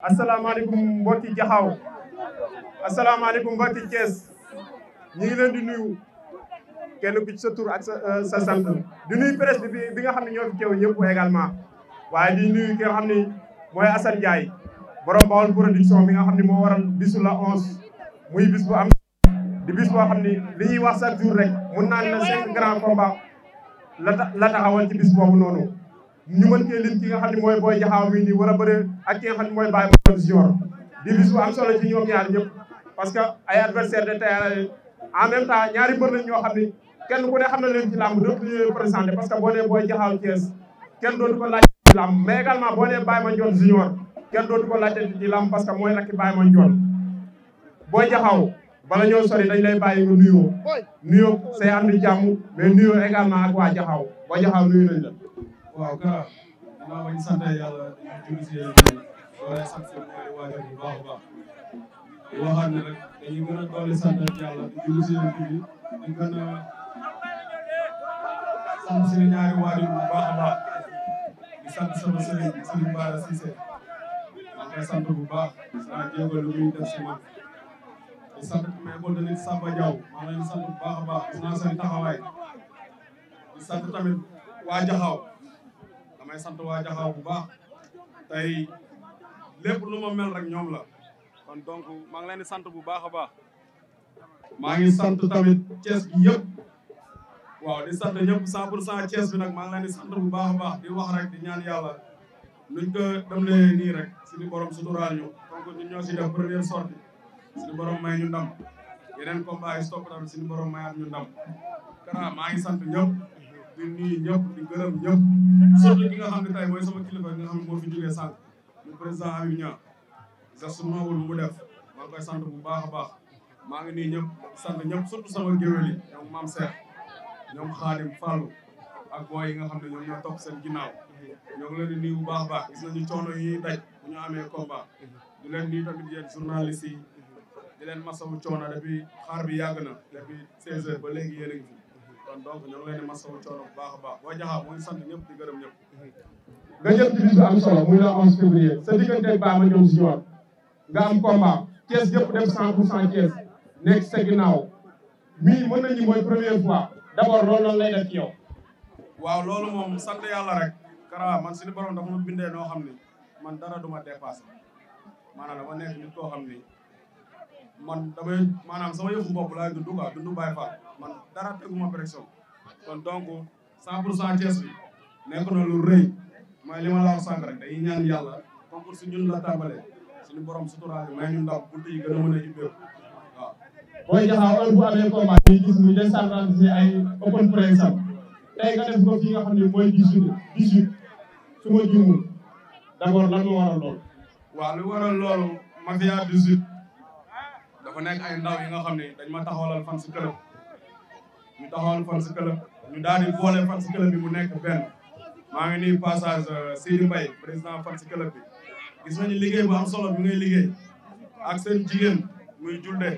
asalaamaaleykum mbokki Jaxaaw asalaamaaleykum mbokki Thiès ñu ngi leen di nuyu kenn ku ci sa tur ak sa euh, sa sant di nuyu presse bi bi nga xam ne ñoo fi teew ñëpp également waaye di nuyu ki nga xam ne mooy Assane Ndiaye borom Bawol production bi nga xam ne moo waral bisu la onze muy bis bu am di bis xam ni li ñuy wax chaque jour rek mun naan na cinq grands combats la la taxawoon ci bis boobu noonu ñu mën cee lim ki nga xam ne mooy booy jaxaaw mii nii war a bëre ak ki nga xam ne mooy Baye Mandione Junior di bis bu am solo ci ñoom ñaar ñëpp parce que ay adversaire de taille en même temps ñaari mbër lañ ñoo xam ne kenn ku ne xam na leen ci làmb dootu ñu représenté parce que boo nee booy jaxaaw Thiès kenn dootu ko laajte ci làmb mais également boo nee Baye Mandione Junior kenn dootu ko laajte ci làmb parce que mooy rakki Baye Mandione booy jaxaaw bala ñoo sori dañ lay bàyyi nga nuyoo nuyoo say am ni jàmm mais nuyoo également ak waa jaxaaw boo jaxaaw nuyu nañ la waaw Kara dinaa bañ sant yàlla julli si yéen doole sant mooy waajur bu a baax di waxaat ne rek dañuy gën a doole sant yàlla julli si yéen bi dañ gën a sant bu baax a baax di sant sama sëriñ sëriñ Bara Cissé baax si man di sant mais kon tamit baax a baax dinaa tamit waa may sant waa Jaxaaw bu baax tey lépp lu ma mel rek ñoom la kon donc maa ngi leen sant bu baax a baax maa ngi sant tamit Thiès bi yëpp waaw di sant ñëpp cent pour bi nag maa ngi leen sant bu baax a baax di wax rek di ñaan yàlla nuñ ko demlee nii rek suñu borom suturaal ñu donc ñun ñoo si def première sortie suñu borom may ñu ndam yeneen combat yi stop tamit suñu borom mayaat ñu kara maa ngi sant ñëpp di ñëpp di gërëm ñëpp surtout ki nga xam ne tey sama kilifa nga xam ne moo fi jógee sànq mu président Habib Niang geste bu ma wul mu def sant bu baax a baax maa ngi nii ñëpp sant ñëpp surtout sama géwél yi ñoom maam Seex ñoom Xaadim Fallou ak booy yi nga xam ne ñoom ñoo topp seen ginnaaw ñoo ngi bu baax a baax gis coono yi daj bu ñu amee combat di leen nuyu tamit yéen journaliste yi di leen masawu coono depuis xaar bi yàgg na depuis 16 heures ba léegi yéen a ngi fi kon donc ñoo ngi leen di baax a baax boo jaxaa mooy sant ñëpp di gërëm ñëpp nga jël ci bis solo muy la onze février sa diggante baama ñoom junior nga am combat Thiès yëpp dem cent pour cent Thiès nekk sa ginnaaw mii mën nañu mooy première fois d'abord loolu noonu lay def ci waaw loolu moom sant yàlla rek Kara man suñu borom dafa ma bindee noo xam ni man dara duma a maanaam dama nekk nit koo xam ni man damay maanaam sama yëfu bopp laay dund quoi dund Baye Fall man dara teguma pression kon donc 100 pour cent bi na lu rëy mooy li ma la wax sànq rek dañuy ñaan yàlla concours si ñun la tàmbalee suñu borom suturaale may ñu ndaw buntu yi gën a a ubbeeku booy jaxaaw bu amee combat day gis muy décentralisé ay open press am tey nga def ko fii nga xam ne mooy 18 18 su ma juumul d' abord lan moo waral loolu. waaw lu dafa nekk ay ndaw yi nga xam ne dañ ma taxawalal fan si club ñu taxawal fan si club ñu daal di boole fan si club bi mu nekk benn maa ngi nii passage euh, Sidi Mbaye président fan si club bi gis nañu liggéey bu am solo bi ngay liggéey ak seen jigéen muy julde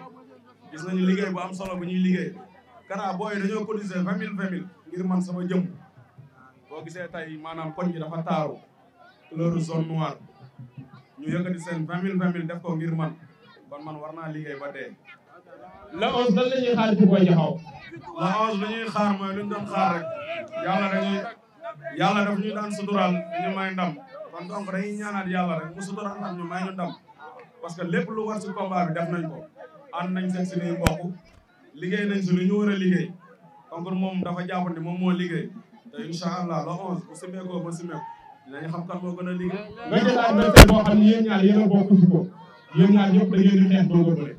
gis nañu liggéey bu am solo bu ñuy liggéey kara booy dañoo cotiser vingt mille vingt mille ngir man sama jëmm boo gisee tey maanaam koñ bi dafa taaru couleur zone noire ñu yëkkati seen vingt mille def ko ngir man kon man war naa liggéey ba dee. la onze lan la ñuy xaar ci Boy Diakhaw. la onze lu ñuy xaar mooy lu ñu doon xaar rek yàlla dañuy ñu daan suturaal ñu may ndam kon donc dañuy ñaanaat yàlla rek mu suturaal ndam ñu may ndam parce que lépp lu war ci combat bi def nañ ko ànd nañ seen suñuy mbokk liggéey nañ si lu ñu war a liggéey donc moom dafa jàppandi moom moo liggéey te incha allah la onze bu simeekoo ba simeeku dinañ xam kan moo gën a liggéey. nga jël adversaire boo xam yéen ñaar ñëpp da ngeen di xeex doo bëre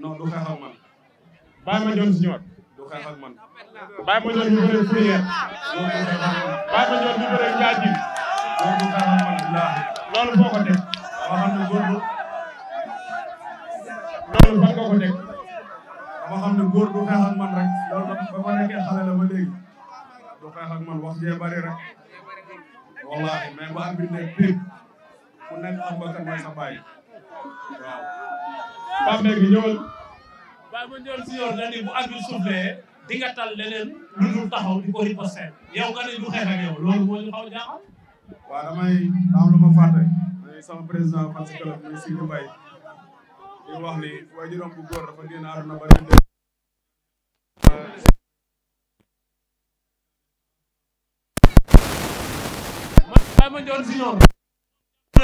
non du xeex ak man bàyyi ma joon si ñëwaat du xeex ak man bàyyi ma joon ñu bëre fourrière bàyyi ma joon ñu bëre jaajin du xeex ak man billaahi loolu foo ko teg waxam ne góor loolu fan nga ko teg dama xam ne góor du xeex ak man rek loolu ba ma nekkee xale la ba léegi du xeex ak man wax jee bari rek wallaahi mais ba am bi ne ku nekk xam nga kan mooy sa bàyyi waaw. Pape Mbengue ñëwal. waaye bu ñu si yor dañuy bu arbitre soufflé di tal leneen lu dul taxaw di ko riposté yow nga ne du xeex ak yow loolu moo ñu xaw a jaaxal. waaw damay président Fatou wax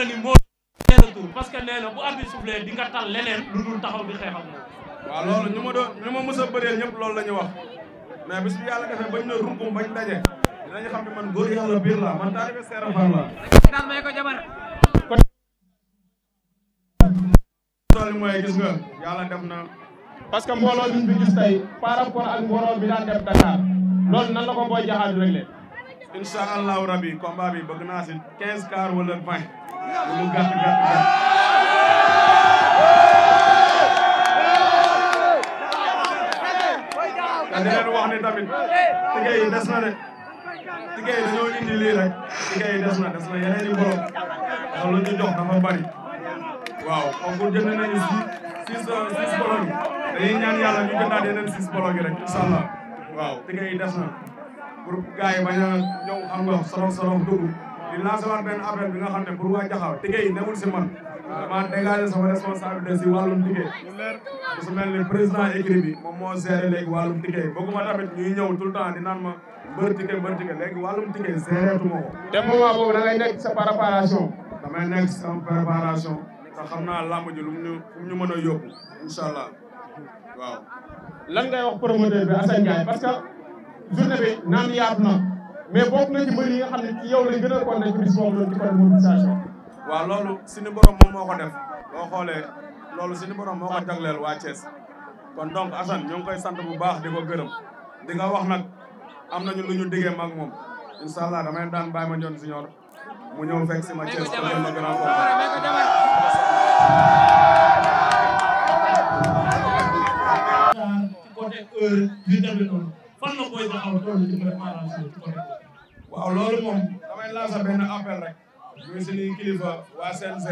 ni teel a tur parce que nee na bu arbitre soufflé di nga tal leneen lu dul taxaw di xeex ak moom. loolu ñu ma doon ñu ma mës a bëreel loolu la ñu wax mais bis bi yàlla defee bañ na runkum bañ daje dinañu xam ne man góor yàlla biir la man taalibe Seera Fall la. daal may ko jabar. kon. tool yi mooy gis nga yàlla def na. parce que mbooloo bi ñu gis tey par rapport ak mbooloo bi daan def Dakar loolu nan ko booy jaxaat réglé. incha allahu rabi combat bi bëgg naa si 15 car wala 20. mu gàtt gàtt gàtt te di leen wax ni tamit liggéey yi des na de liggéey yi dañoo indi lii rek liggéey yi des na des na yeneen i borom ndax lu ñu jox dafa bari waaw kooku jënd nañu six six euh, bolo yi dañuy ñaan yàlla ñu jëndaat yeneen six bolo yi rek incha allah waaw liggéey yi des na pour gars yi bañ a ñëw xam nga sorof sorof dugg di lancer waat benn appel bi nga xam ne pour waa Jaxaw tike yi newul si man dama dégager sama responsabilité si wàllum tike su mel ni président écrit bi moom moo géré léegi wàllum tike bëgguma ñuy ñëw tout le temps di ma bër tike bër tike léegi wàllum tike gérétu ma ko te moment boobu da ngay nekk sa préparation damay nekk sa préparation te xam naa làmb ji lu mu ñu lu mu ñu mën a yóbbu incha allah waaw lan ngay wax promoteur bi Assane Ndiaye parce que mais bokk na ci mbir yi nga xam ne a kontaan ci bis boobu loolu ci waaw loolu suñu borom moom moo ko def boo xoolee loolu suñu borom moo ko jagleel waa Thiès kon donc asan ñu ngi koy sant bu baax di ko gërëm di nga wax nag am nañu lu ñu diggee mag moom incha allah damay daan bàyyi ma njoon siñor mu ñëw fekk si ma Thiès ma gën a la koy taxaw waaw loolu moom damay lancer benn appel rek muy suñuy kilifa waa CNG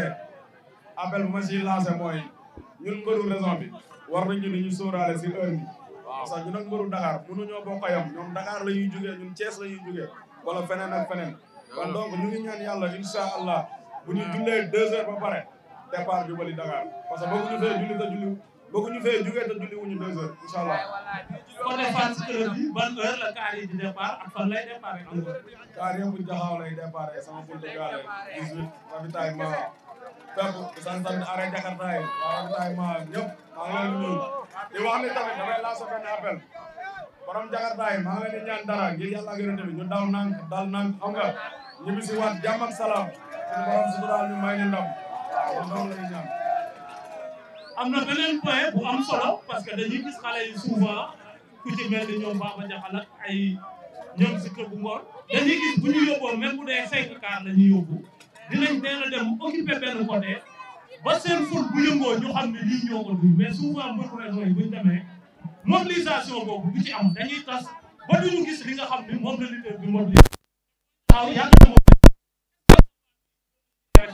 appel ma siy lancer mooy ñun mbëru raison bi war nañu ni ñu sóoraale si heure bi. waaw parce que ñun ak mbëru Dakar mënuñoo bokk a yem ñoom Dakar la ñuy jugee ñun Thiès la ñuy jugee wala feneen ak feneen. kon donc ñu ngi ñaan yàlla incha allah bu ñu jullee deux heures ba pare départ jubali Dakar parce que bëgguñu fee julli te julli. bëgguñu fee jugee te julli wuñu deux heures incha allah. côté Fass club bi ban heure la kaar yi di départ ak fan lay départ encore. kaar yëpp jaxaaw lay départ sama ful de gaale 18 ravitaillement fépp sant sant arrêt jakartaay ravitaillement ñëpp maa ngi leen di nuyu di wax ne tamit damay lancer benn appel borom jakartaay maa ngi leen di ñaan dara ngir yàlla ak yonent bi ñu daw nank dal nank xam nga ñibbi si waat jàmm ak salaam suñu borom suturaal ñu may ñu ndam waaw loolu la ñuy ñaan am na beneen point bu am solo parce que dañuy gis xale yi souvent ku ci mel ni ñoom Baba Diakhal ak ay ñoom si bu Ngor dañuy gis bu ñu yóbboo même bu dee cinq car la ñuy yóbbu dinañ teel a dem occupé benn côté ba seen foot bu yëngoo ñu xam ne lii ñoo ko duy mais souvent mbëru région ñu demee mobilisation boobu bu ci am dañuy tas ba duñu gis li nga xam ni moom la leader bi mobilisé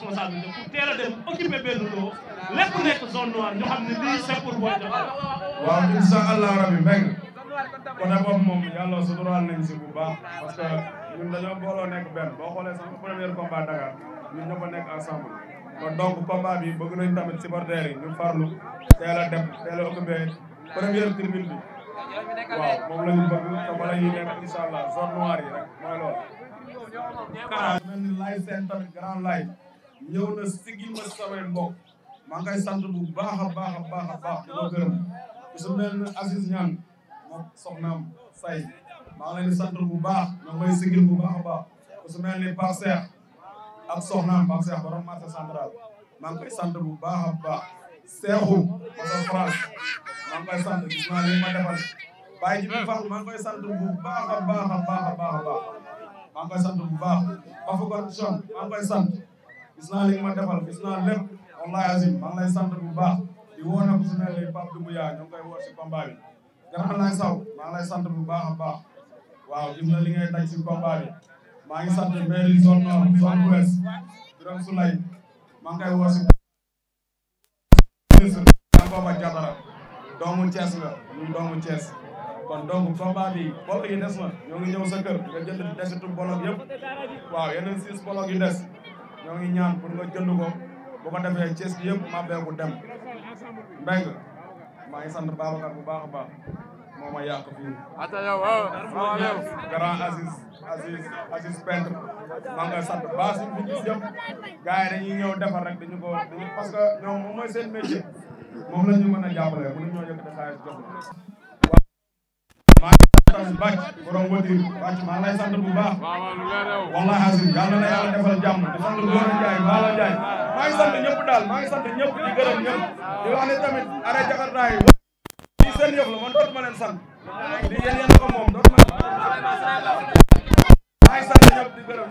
responsabilité pour teel a dem occupé benn loo lépp nekk zone noire ñu xam ne lii c'est pour booy defar. waaw incha allah rabi mbéy côté boobu moom yàlla suturaal nañ si bu baax parce que ñun dañoo booloo nekk benn boo xoolee sama premier combat Dakar ñun ñëpp a nekk ensemble. kon donc combat bi bëgg nañ tamit supporters yi ñu farlu teel a dem teel a occupé première tribune bi waaw moom la ñu bëgg te bala ñuy nekk incha allah zone noire yi rek mooy loolu. Kara mel ni lay seen tamit grand lay ñëw na sigil ma samay mbokk maa sant bu baax a baax a baax a baax di ko gërëm say maa sant bu baax ñoom may bu baax a baax ni Pape ak soxnaam Pape Cheikh borom marché central maa ngi koy sant bu baax a baax Seexu Moussa sant gis naa li ma defal bàyyi ji bi fax maa sant bu baax a sant bu baax Bafa Gordichon maa ngi koy sant gis naa li nga ma defal gis naa lépp wallahi azim maa ngi lay sant bu baax di woo nag su mel ni Pape Doumbouya ñoo ngi koy woo si combat bi grand lay saw maa ngi lay sant bu baax a baax waaw gis na li ngay daj si combat bi maa ngi sant mairie zone nord zone ouest Birame maa ngi koy woo si ministre Yankhoba Diattara doomu Thiès la ñuy doomu Thiès kon donc combat bi bolok yi des na ñoo ngi ñëw sa kër nga jënd desitu yëpp waaw yeneen six bolok yi des ñoo ngi ñaan pour nga jënd ko boo ko defee Thiès bi yëpp ma beeku dem mbeng maa ngi sant Babacar bu baax a baax moo ma yàq fii grand Aziz Aziz Aziz Peintre maa ngi sant baax suñ fi gis yëpp gars yi dañuy ñëw defar rek dañu ko dañu parce que ñoom moom mooy seen métier moom la ñu mën a jàppale mënu ñoo yëkkati xaalis jox Aziz Mbacke borom wëtir Mbacke maa ngi lay sant bu baax wallahi Aziz yàlla na yàlla defal jàmm di sant Gora Ndiaye Bala Ndiaye maa ngi sant ñëpp daal maa ngi sant ñëpp di gërëm ñëpp di tamit arrêt jakartaa yi lii seen la man doot ma leen sant lii yéen yéen